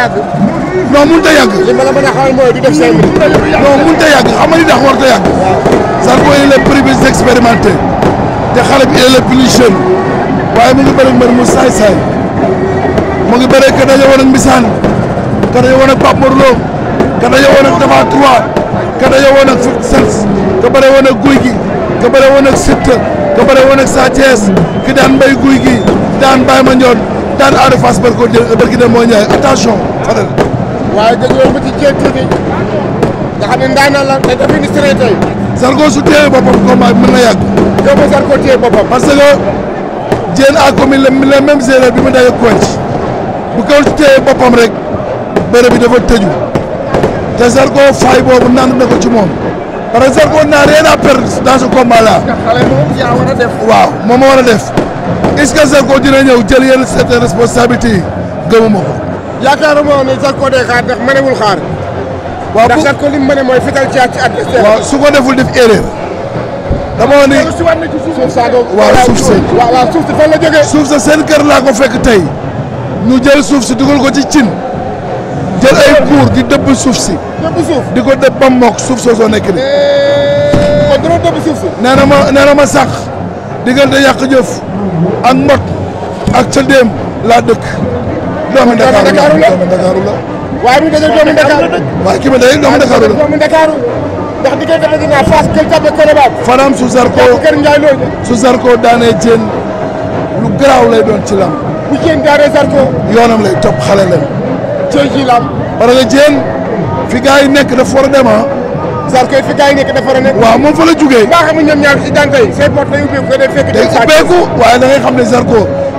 yàgg. non mënut a yàgg. li ma la mën a xamal mooy du def cinq minutes. non a yàgg xam nga li tax warut a yàgg. Zarko il est le premier expérimenté te xale bi il est le plus jeune waaye mu ngi bëri mbër mu saay saay mu ngi bëri ka daje woon ak ka daje woon ak Pape ka daje woon ak Dafa ka daje woon ak Sels ka bëri woon Guy gi ka bëri woon ak ka bëri woon ak Sa Thiès daan mbay Guy gi daan Baye Mandione daan Ada Fass bari ko jël bari na moo ñaay attention Fadel. waaye dañoo ba ci Dieng TV nga xam ne ndaanaan la te dafa indi seree tey. Zarko su téye boppam combat bi mën parce que Dieng a commis le même erreur bi mu daje Quench bu kaw su téye rek bërëb bi dafa tëju te Zarko faay boobu naan na ko ci moom. parce que Zarko n'a rien à a def. waaw moom war a def. est-ce que Zarko dina ñëw jël yenn certaines responsabilités yi gëmuma ko. yaakaaruma ne Zarko day xaar ndax mënewul xaar. waaw ndax Zarko li mu mën mooy fital ci ci adversaire. waaw su ko deful def erreur. dama woon ni suuf saa doog waaw suuf si waaw waaw suuf suuf sa seen kër laa ko fekk tey ñu jël suuf si dugal ko ci cin. jël ay buur di dëbb suuf si. dëbb di ko dëbb ba mokk suuf soo soo nekk nii. Eh, kon dina dëbb nee na ma nee na ma sax. diggante yàq jëf ak mbot ak sa déem laa dëkk. doomu Ndakaaru la doomu Ndakaaru la. waaye mu dajale doomu Ndakaaru. waaye ki ma dajale doomu Ndakaaru la doomu Ndakaaru. la su Zarko su Zarko daanee jéen lu garaaw lay doon ci lam bu yoonam lay topp xale lañ. cooy ci lam parce que jéen fi gars yi nekk dafa war a ah. Saal kayit fi gars yi nekk dafa nekk. waaw moom fa la jugee. mbaa xamul ñoom ñaar si daan tey. say portes day ubbeeku waaye da ngay xam ne Zarko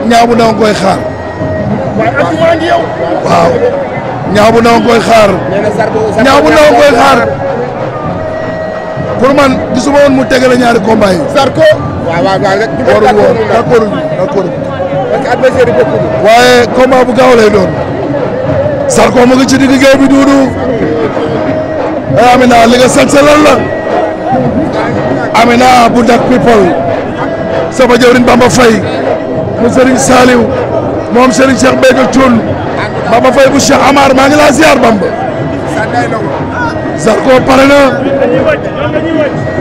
ñaaw bu ndaw nga koy xaar. waaye am na ngi yow. waaw ñaaw bu ndaw mu tegale ñaari combat yi. Zarko. waaw waaw waaw rek. warul waaye combat bu lay doon. Zarko mu ngi ci digg duudu. Eh, Amina li nga sant lan la Amina bu Dak People sama jëwriñ Bamba Faye mu Serigne Saliou moom Serigne Cheikh Béthio Thioune Bamba Faye bu Cheikh Amar maa ngi laa ziar Bamba Zarko pare na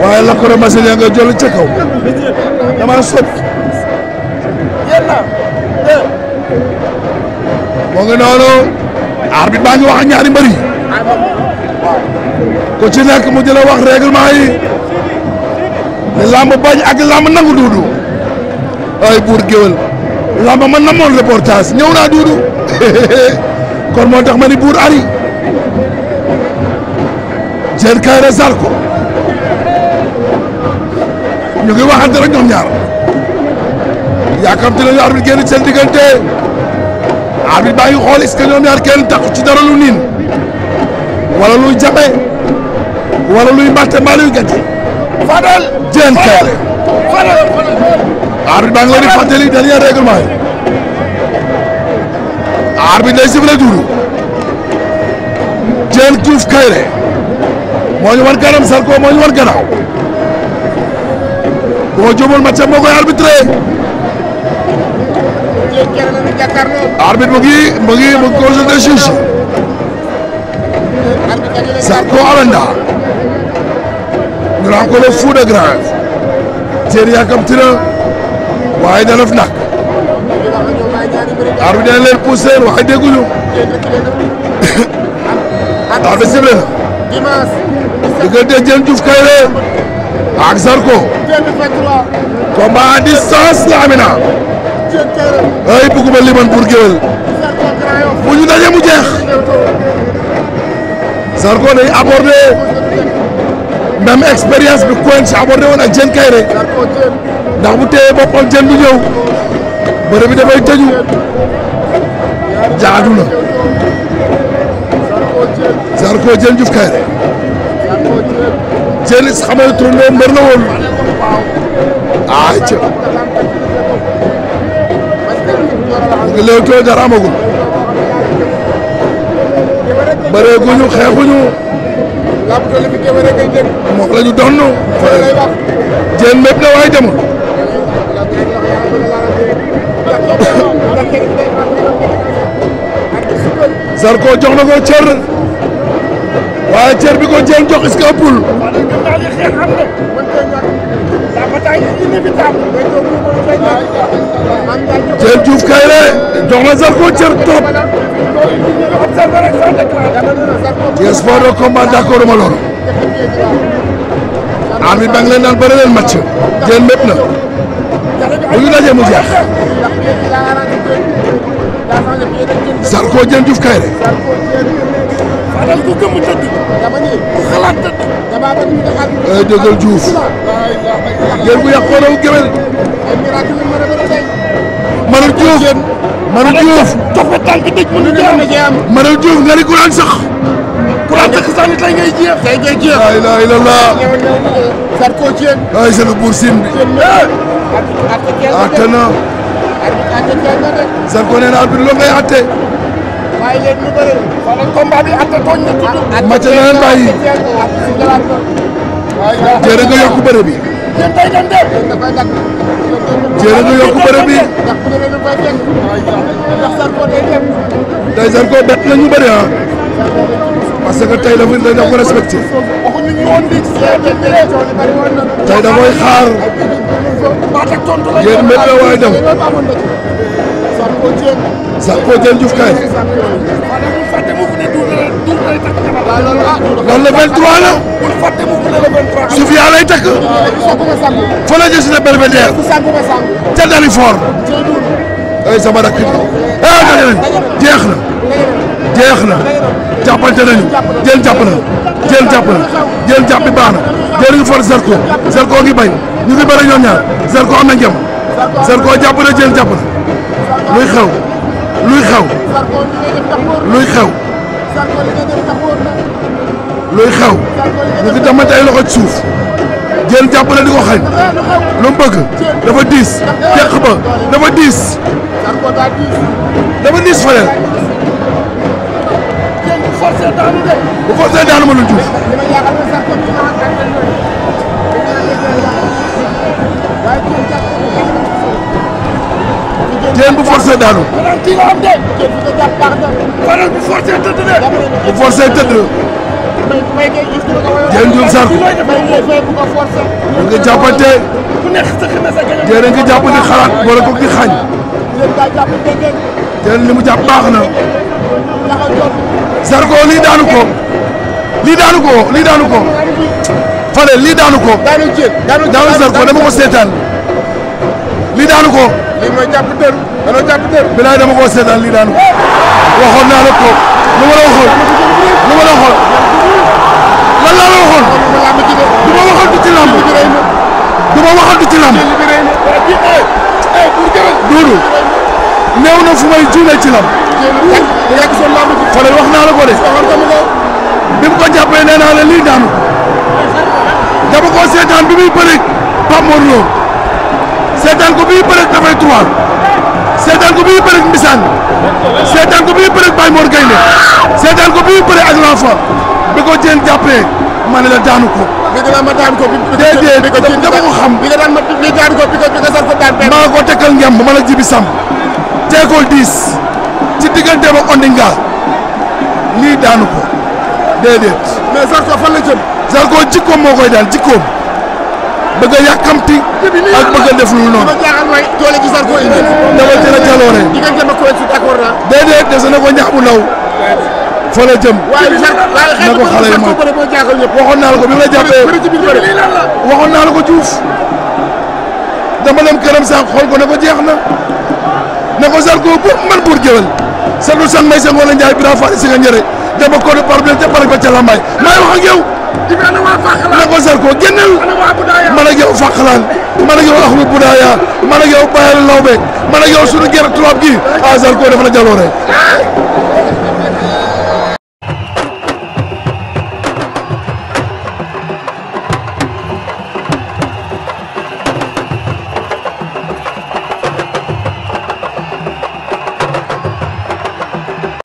waaye la ko ramassé nga jël ca kaw dama moo ngi noonu arbitre baa ngi wax ñaari mbër ku ci nekk mu di la wax règlement yi ne bañ ak làmb nangu duudu ay buur géwél làmb man na moon reportage ñëw naa duudu kon moo tax ma ni buur ari jeen kayre Zarko ñu ngi waxante rek ñoom ñaar yaakamte nañu arbitre génn seen diggante arbitre baa ngi xool est-ce que ñoom ñaar kenn takku ci dara lu niin wala luy jafe wala luy mbàtte mbaa luy gàcce. Fadel Dieng Kaïré Fadel arbitre baa ngi leen di fàttali dernier règlement yi. arbitre day sifflé tuuru. Dieng Diouf Kaïré moo ñu war kanam Zarko moo ñu war gannaaw. bu ko jubal match moo koy Zarko Alanda Grand Kolo Fouta Grave Thier yàkkamti na waaye dana fi nag arbitre bi dana leen poussé waaye dégguñu waaw bi sible na diggante Diène Diouf Kaïré ak Zarko combat à distance la amina ay bëgguma liman pour géwél bu ñu daje jeex Zarko day abordé même expérience bi Quench abordé woon ak Diène Kairé ndax bu téye boppam Diène du ñëw bëre bi dafay tëju jaadu la Zarko Diène Diouf Kairé Diène xam nga tournée mbër la woon ah ca mu ngi léegi tool dara bëreeguñu xeexuñu. làmb toll bi kéema rek ay dégg. moom Zarko jox na ko cër. waaye cër bi ko jéem jox est-ce que ëppul. Diène na Zarko cër trop. Thiès sport de combat d'accord ma loolu. arbitre bi leen naan bëri leen match jeen mépp na bu ñu dajee mu jeex. Zarko Diène Diouf Kaïré. ay eh, dëggal Diouf. ngeen bu yàqoo daw géwél. ma Diouf Maral Diouf dafa dëj mën na cee am Maral Diouf nga ni kuraan sax kuraan sax sax nit ay c'est le buur bi atte na Sarko eh! nee na arbitre loo ngay atte waaye leen ñu bëri wala combat bi atte tooñ na jéere nga yokk bëre bi tey Zarko bett nañu bëri ah parce que tey dafa dañ dafa ko respecté tey da koy xaar yéen mbir la waay dem Zarko Diène Diouf kaay. loolu la 23 la. Sofia lay takk. fa la jël si ne Belvédère. ca Dalifort. ay sama rakk ah, jeex na. jeex na jàppante nañu jël jàpp na jël jàpp na jël jàpp bi baax na jël ngi for Zarko Zarko ngi bañ ñu ngi bëri ñoom ñaar Zarko am na njëm Zarko jàpp na jël jàpp na luy xew luy xew luy xew looy xew ñu ngi damante ay loxo ci suuf jël di ko xañ lu mu bëgg dafa diis teq ba dafa diis dafa diis fayal bu forcé daanu ma lu teen bu forcé daanu. fanaan bu forcé tëdd de. bu jeen jum sarko. da nga jàppante. jeen a nga jàpp di xalaat ko di xañ. teen li mu jàpp baax na. lii daanu ko. lii daanu ko lii daanu ko. daanu ko. daanu sarko dama seetaan. lii daanu ko. lii dama koo seetaan lii daanu ko waxoon naa la ko la waxoon lu la la waxoon du ma waxoon du ci lamb du ma waxoon du ci lamb duudu eh, eh, néew na fu may juumee ci lamb fale wax naa la ko de bi mu ko jàppee nee naa la lii daanu dama koo seetaan bi muy bëri Pape Mor Lo seetaan ko bii bëreeg dafay trois seetaan ko bii bëreeg Mbisaan seetaan ko bii bëreeg Baye Mor Gaynde seetaan ko bii bëreeg ak bi ko jën jàppee ma ne la daanu ko. bi nga daan ma daan ko bi ko déedéet dama ko xam. bi nga daan ma bi daan maa ko tekkal ngem ba ma la jibi sam teekul diis ci diggante ba ondinga lii daanu ko déedéet. mais Zarko fan la jëm. Zarko moo koy daan jikkoom. bëgg a yàkkamti ak bëgg a def ko noonu. dama jëla jaloore. déedéet dese na ko ñax bu fa la jëm. na ko xale yi ma waxoon naa la ko bi ma la jàppee waxoon naa la ko Diouf dama dem këram sax xool ko ne ko jeex na ne ko Zarko bu man buur jëwal Sadou San may sa ngoon la Ndiaye Bira Fall si nga njëre dama ko de par ca pare ba ca Lambaye may wax na ko Zarko génneel man ak yow Fakhalaan man ak yow Ahmed Boudaya man ak yow Bayal Lawbe man ak yow sunu gerte tubaab gi ah Zarko dafa la jaloore